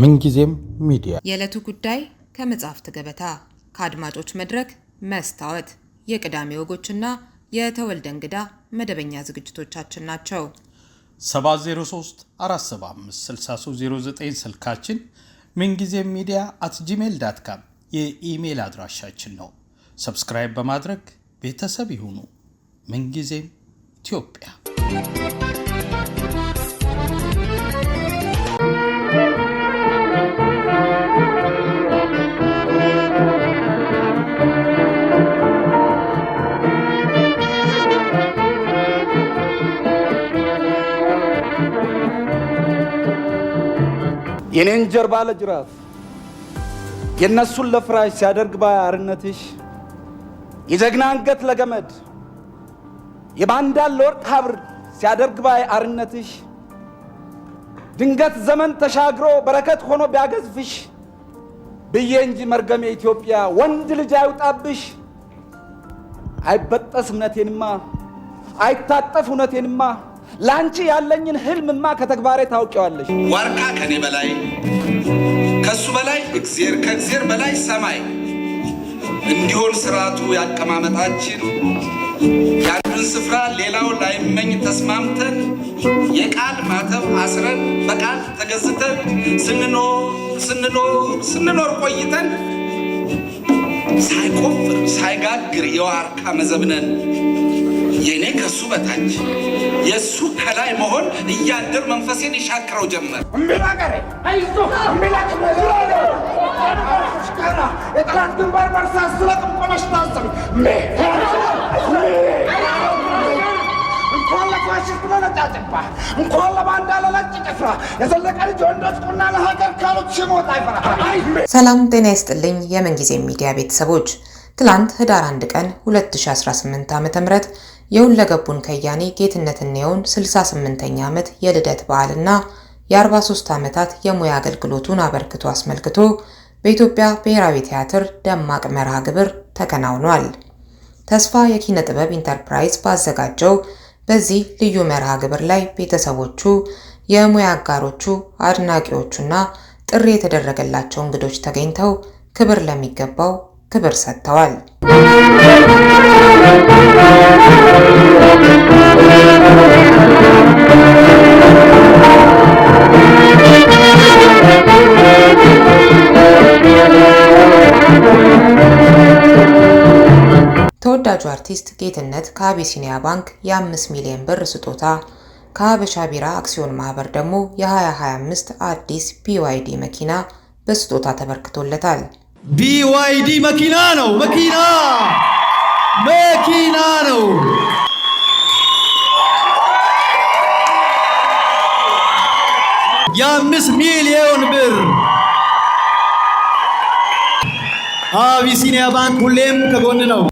ምንጊዜም ሚዲያ የዕለቱ ጉዳይ ከመጽሐፍት ገበታ ከአድማጮች መድረክ መስታወት የቅዳሜ ወጎችና የተወልደ እንግዳ መደበኛ ዝግጅቶቻችን ናቸው። 7034756309 ስልካችን፣ ምንጊዜም ሚዲያ አት ጂሜል ዳት ካም የኢሜይል አድራሻችን ነው። ሰብስክራይብ በማድረግ ቤተሰብ ይሁኑ። ምንጊዜም ኢትዮጵያ የኔን ጀርባ ለጅራፍ የእነሱን ለፍራሽ ሲያደርግ ባርነትሽ የጀግና አንገት ለገመድ የባንዳን ለወርቅ ሀብር ሲያደርግ ባይ አርነትሽ ድንገት ዘመን ተሻግሮ በረከት ሆኖ ቢያገዝፍሽ ብዬ እንጂ መርገም የኢትዮጵያ ወንድ ልጅ አይውጣብሽ። አይበጠስ እምነቴንማ አይታጠፍ እውነቴንማ ለአንቺ ያለኝን ህልምማ ከተግባሬ ታውቂዋለሽ። ዋርካ ከኔ በላይ ከሱ በላይ እግዜር ከእግዜር በላይ ሰማይ እንዲሆን ስርዓቱ ያቀማመጣችን ያንዱን ስፍራ ሌላው ላይመኝ ተስማምተን የቃል ማተብ አስረን በቃል ተገዝተን ስንኖር ስንኖር ስንኖር ቆይተን ሳይቆፍር ሳይጋግር የዋርካ መዘብነን በታች የእሱ ከላይ መሆን እያደር መንፈሴን ይሻክረው ጀመር። የጠላት ግንባር ስለቅም ቆመሽ ታስብ እንኳን ለፋሽስት እንኳን ለባንዳ ለነጭ ጭፍራ የዘለቀ ልጅ ወንዶች ለሀገር ካሉት አይፈራ። ሰላም ጤና ይስጥልኝ የመንጊዜ ሚዲያ ቤተሰቦች ትላንት ህዳር 1 ቀን 2018 ዓ.ም የሁለገቡን ከያኔ ጌትነት እንየውን 68ኛ ዓመት የልደት በዓልና የ43 ዓመታት የሙያ አገልግሎቱን አበርክቶ አስመልክቶ በኢትዮጵያ ብሔራዊ ቲያትር ደማቅ መርሃ ግብር ተከናውኗል። ተስፋ የኪነ ጥበብ ኢንተርፕራይዝ ባዘጋጀው በዚህ ልዩ መርሃ ግብር ላይ ቤተሰቦቹ፣ የሙያ አጋሮቹ፣ አድናቂዎቹና ጥሪ የተደረገላቸው እንግዶች ተገኝተው ክብር ለሚገባው ክብር ሰጥተዋል። ተወዳጁ አርቲስት ጌትነት ከአቢሲኒያ ባንክ የ5 ሚሊዮን ብር ስጦታ ከሀበሻ ቢራ አክሲዮን ማህበር ደግሞ የ2025 አዲስ ቢዋይዲ መኪና በስጦታ ተበርክቶለታል። ቢዋይዲ መኪና ነው። መኪና መኪና ነው። የአምስት ሚሊዮን ብር አቢሲኒያ ባንክ ሁሌም ከጎን ነው።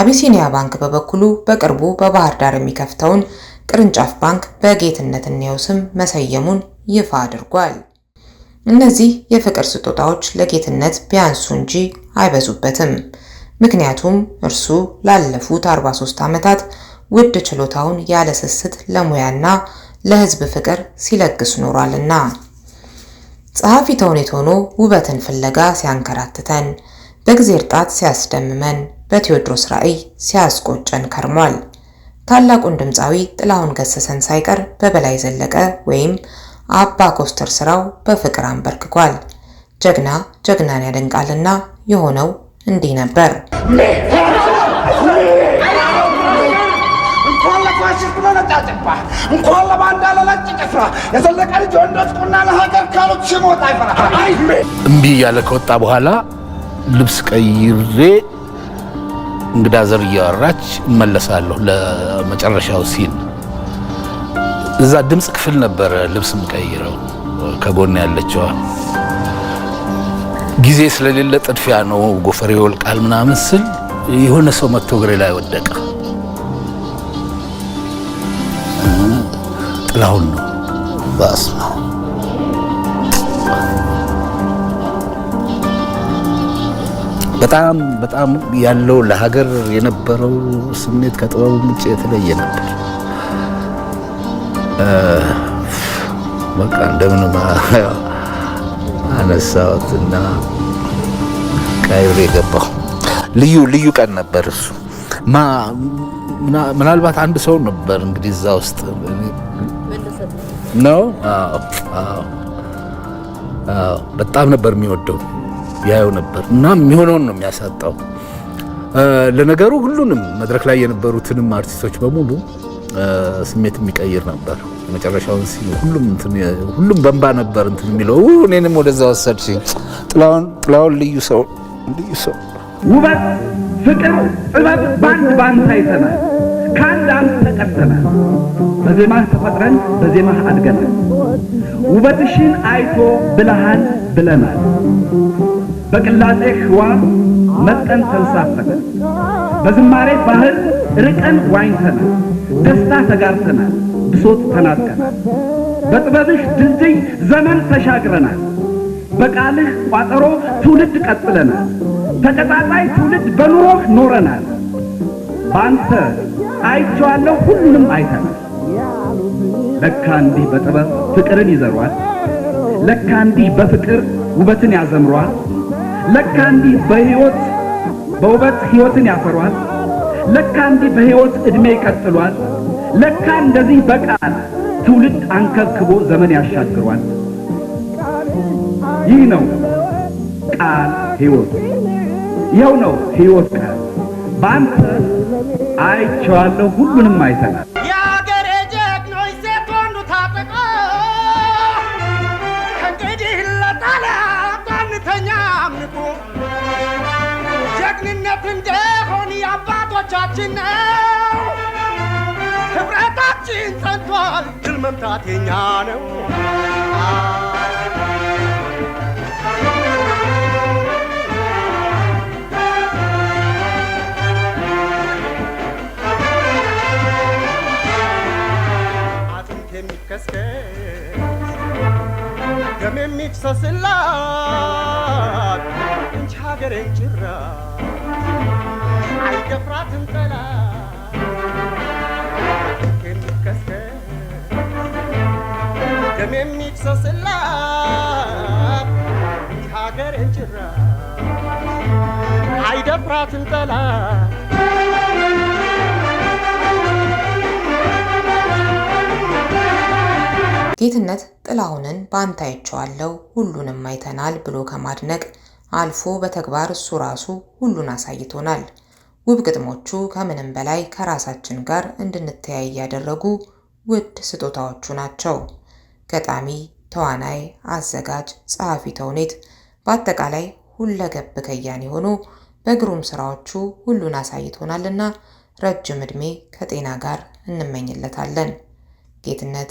አቢሲኒያ ባንክ በበኩሉ በቅርቡ በባህር ዳር የሚከፍተውን ቅርንጫፍ ባንክ በጌትነት እንየው ስም መሰየሙን ይፋ አድርጓል። እነዚህ የፍቅር ስጦታዎች ለጌትነት ቢያንሱ እንጂ አይበዙበትም። ምክንያቱም እርሱ ላለፉት 43 ዓመታት ውድ ችሎታውን ያለ ስስት ለሙያና ለሕዝብ ፍቅር ሲለግስ ኖሯልና። ጸሐፊ ተውኔት ሆኖ ውበትን ፍለጋ ሲያንከራትተን፣ በእግዜር ጣት ሲያስደምመን፣ በቴዎድሮስ ራዕይ ሲያስቆጨን ከርሟል። ታላቁን ድምፃዊ ጥላሁን ገሰሰን ሳይቀር በበላይ ዘለቀ ወይም አባ ኮስተር ስራው በፍቅር አንበርክኳል። ጀግና ጀግናን ያደንቃልና የሆነው እንዲህ ነበር። እንኳን ለባንዳ ለላጭ ጭፍራ የዘለቀ ልጅ ለሀገር ካሉት እምቢ እያለ ከወጣ በኋላ ልብስ ቀይሬ እንግዳ ዘር እያወራች እመለሳለሁ ለመጨረሻው ሲል እዛ ድምፅ ክፍል ነበረ ልብስ ምቀይረው ከጎን ያለችዋ ጊዜ ስለሌለ ጥድፊያ ነው፣ ጎፈሬ ይወልቃል ምናምን ስል የሆነ ሰው መጥቶ እግሬ ላይ ወደቀ። ጥላሁን ነው ባስ በጣም በጣም ያለው ለሀገር የነበረው ስሜት ከጥበቡ ውጭ የተለየ ነበር። በቃ እንደምንም አነሳሁትና ቀይሬ ገባሁ። ልዩ ልዩ ቀን ነበር እሱ። ምናልባት አንድ ሰው ነበር እንግዲህ እዛ ውስጥ ነው። በጣም ነበር የሚወደው ያየው ነበር እና የሚሆነውን ነው የሚያሳጣው። ለነገሩ ሁሉንም መድረክ ላይ የነበሩትንም አርቲስቶች በሙሉ ስሜት የሚቀይር ነበር። መጨረሻውን ሁሉም ሁሉም በንባ ነበር እንትን የሚለው እኔንም ወደዛ ወሰድ ሲ ጥላውን ልዩ ሰው ልዩ ሰው ውበት፣ ፍቅር፣ ጥበብ በአንድ በአንድ አይተናል፣ ከአንድ አንድ ተቀርተናል። በዜማ ተፈጥረን በዜማ አድገናል። ውበትሽን አይቶ ብለሃል ብለናል። በቅላጤ ህዋ መጠን ተንሳፈገ በዝማሬ ባህል ርቀን ዋኝተናል፣ ደስታ ተጋርተናል፣ ብሶት ተናጥቀናል። በጥበብሽ ድልድይ ዘመን ተሻግረናል፣ በቃልህ ቋጠሮ ትውልድ ቀጥለናል። ተቀጣጣይ ትውልድ በኑሮህ ኖረናል። በአንተ አይቼዋለሁ ሁሉንም አይተናል። ለካ እንዲህ በጥበብ ፍቅርን ይዘሯል። ለካ እንዲህ በፍቅር ውበትን ያዘምሯል። ለካ እንዲህ በሕይወት በውበት ሕይወትን ያፈሯል። ለካ እንዲህ በሕይወት ዕድሜ ይቀጥሏል። ለካ እንደዚህ በቃል ትውልድ አንከብክቦ ዘመን ያሻግሯል። ይህ ነው ቃል ሕይወት፣ ይኸው ነው ሕይወት ቃል በአንተ አይቼዋለሁ፣ ሁሉንም አይተናል። ጀግንነት እንደሆን አባቶቻችን ነው። ህብረታችን ጸንቷል፣ ድል መምታት የኛ ነው። አጥንት የሚከስከ ደሜ የሚፍሰስላት እንጂ ሀገሬን ጭራ አይደፍራትም ጠላት የሚከስከስ ደሜ የሚፍሰስላት እንጂ ሀገሬን ጭራ አይደፍራትም ጠላት ጌትነት ጥላሁንን በአንተ አይቼዋለሁ ሁሉንም አይተናል ብሎ ከማድነቅ አልፎ በተግባር እሱ ራሱ ሁሉን አሳይቶናል። ውብ ግጥሞቹ ከምንም በላይ ከራሳችን ጋር እንድንተያይ ያደረጉ ውድ ስጦታዎቹ ናቸው። ገጣሚ፣ ተዋናይ፣ አዘጋጅ፣ ጸሐፊ ተውኔት፣ በአጠቃላይ ሁለገብ ከያን የሆኑ በግሩም ስራዎቹ ሁሉን አሳይቶናልና ረጅም ዕድሜ ከጤና ጋር እንመኝለታለን። ጌትነት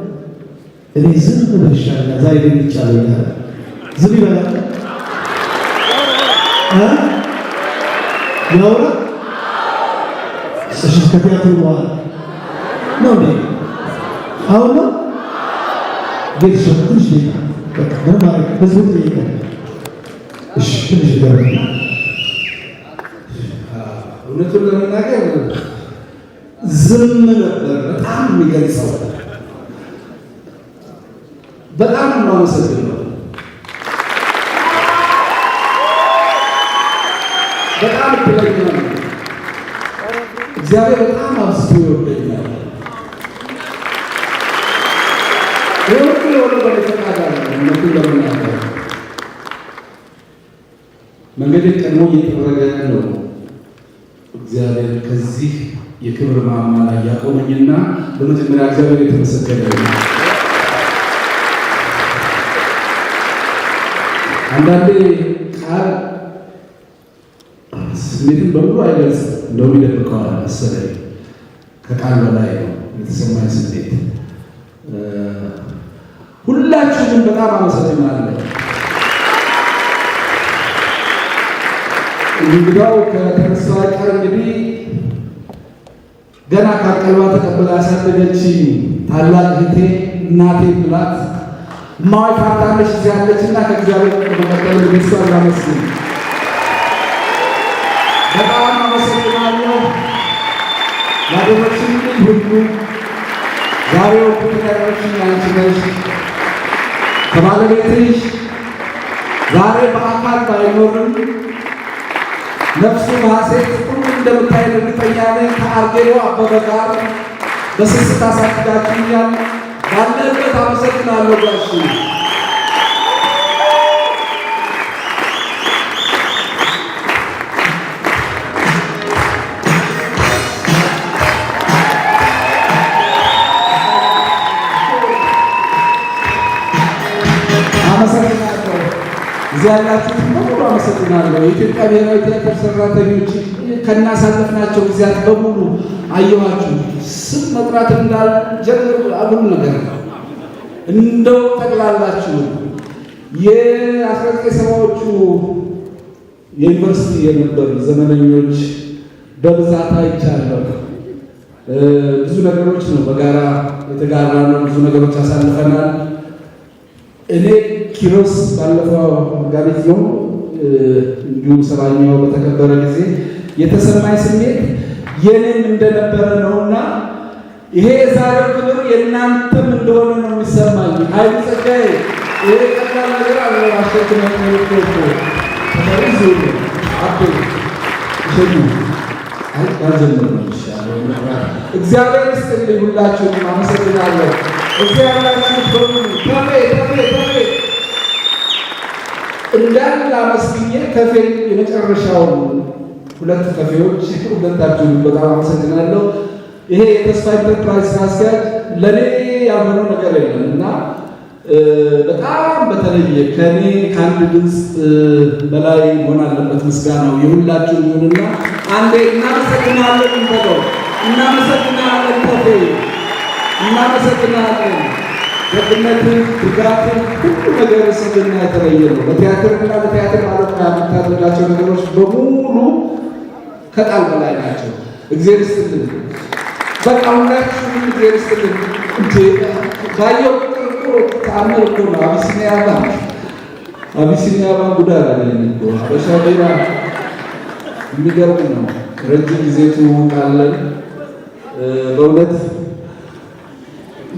እኔ ዝም ብለሻል ዛሬ ግን ይቻላል ዝም ይበላል ያውራ እሺ ከቲያትሩ በኋላ ነው እንዴ አሁን ነው ግን ትንሽ ሌላ በቃ ህዝቡ ጠይቀን እሺ ትንሽ ገር እውነቱን ለመናገር ዝም ነበር በጣም የሚገልጸው በጣም የማመሰግነው በጣም እድለኛ ነው። እግዚአብሔር በጣም አብዝቶ ይወደኛል። ይህ የሆነ በተቃዳ እነቱ ለመናገር መንገድ ቀድሞ እየተበረገጠ ነው። እግዚአብሔር ከዚህ የክብር ማማ ላይ ያቆመኝና በመጀመሪያ እግዚአብሔር የተመሰገነ ነው። አንዳንዴ ቃል ስሜትን በሙሉ አይገልጽ እንደውም ይደብቀዋል መሰለኝ። ከቃል በላይ ነው የተሰማኝ ስሜት። ሁላችሁንም በጣም አመሰግናለሁ። እንግዳው ከተነሳ ቀር እንግዲህ ገና ከአቀልባ ተቀበላ ያሳደገች ታላቅ እህቴ እናቴ ብላት ማዋይ ካርታለች እዚህ ያለችና ከእግዚአብሔር በመቀጠል ቤተሰብ ላመስግን። በጣም አመሰግናለሁ ያደረግሽኝ ሁሉ ዛሬ ወቅት ያደረግሽኝ አንቺ ነሽ። ከባለቤትሽ ዛሬ በአካል ባይኖርም ነፍሱ ሐሴት ሁሉ እንደምታይ እርግጠኛ ነኝ። ከአርጌሎ አበበ ጋር በስስት አሳድጋችሁኛል። ባለበት አመሰግናለሁ ጋሽ አመሰግናለሁ። እዚያ ያላችሁት በሙሉ አመሰግናለሁ። የኢትዮጵያ ብሔራዊ ቲያትር ሰራተኞች ከናሳለፍናቸው ጊዜያት በሙሉ አየኋችሁ። ስም መጥራት እንዳልጀምር አሁን ነገር ነው። እንደው ጠቅላላችሁ የአስራ ዘጠኝ ሰባዎቹ የዩኒቨርሲቲ የነበሩ ዘመነኞች በብዛት አይቻለሁ። ብዙ ነገሮች ነው በጋራ የተጋራ ነው። ብዙ ነገሮች አሳልፈናል። እኔ ኪሮስ ባለፈው መጋቢት ነው እንዲሁም ሰባኛው በተከበረ ጊዜ የተሰማኝ ስሜት የኔም እንደነበረ ነውና ይሄ የዛሬው ክብር የእናንተም እንደሆነ ነው የሚሰማኝ። ኃይሉ ጸጋዬ ይሄ ቀላ ነገር አለ አሸክመ ሜሪኮ አቶ ሸኙ ያጀምር ነው እግዚአብሔር ይስጥልኝ። ሁላችሁንም አመሰግናለሁ። እግዚአብሔር በሙሉ ተፌ ተፌ ተፌ እንዳለ አመስግኜ ተፌ የመጨረሻውን ሁለት ከፊዎች ሁለታችሁ በጣም አመሰግናለሁ። ይሄ የተስፋ ኢንተርፕራይዝ ስራ አስኪያጅ ለእኔ ያልሆነው ነገር የለም እና በጣም በተለየ ከኔ ከአንድ ድምፅ በላይ መሆን አለበት ምስጋናው የሁላችሁ ይሁንና አንዴ እናመሰግናለን እንበለው። እናመሰግናለን ተፌ እናመሰግናለን። ደግነትን፣ ድጋትን ሁሉ ነገር ስልና የተለየ ነው። በቲያትርና በቲያትር ማለት ከምታደርጋቸው ነገሮች በሙሉ ከቃል በላይ ናቸው። እግዚአብሔር ይስጥልን። በቃ ሁላችሁ እግዚአብሔር ይስጥልን። እንዴ ባየው ቁጥር ተአምር እኮ ነው። አቢሲኒያ ባንክ አቢሲኒያ ባንክ ጉዳይ አይደለም እኮ ሀበሻ ቢራ የሚገርም ነው። ረጅም ጊዜ ትውውቃለን። በእውነት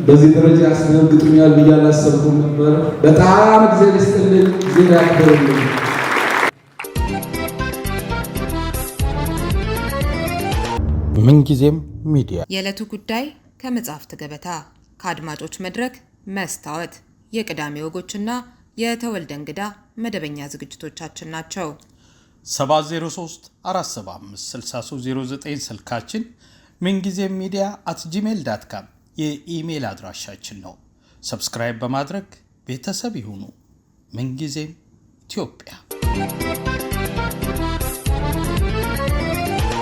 በዚህ ደረጃ ያስደነግጡኛል ብዬ አላሰብኩም ነበር። በጣም እግዚአብሔር ይስጥልን። እግዚአብሔር ያክበርልን። ምንጊዜም ሚዲያ የዕለቱ ጉዳይ ከመጽሐፍት ገበታ ከአድማጮች መድረክ መስታወት የቅዳሜ ወጎችና የተወልደ እንግዳ መደበኛ ዝግጅቶቻችን ናቸው። 7034756309 ስልካችን፣ ምንጊዜም ሚዲያ አት ጂሜል ዳት ካም የኢሜይል አድራሻችን ነው። ሰብስክራይብ በማድረግ ቤተሰብ ይሁኑ። ምንጊዜም ኢትዮጵያ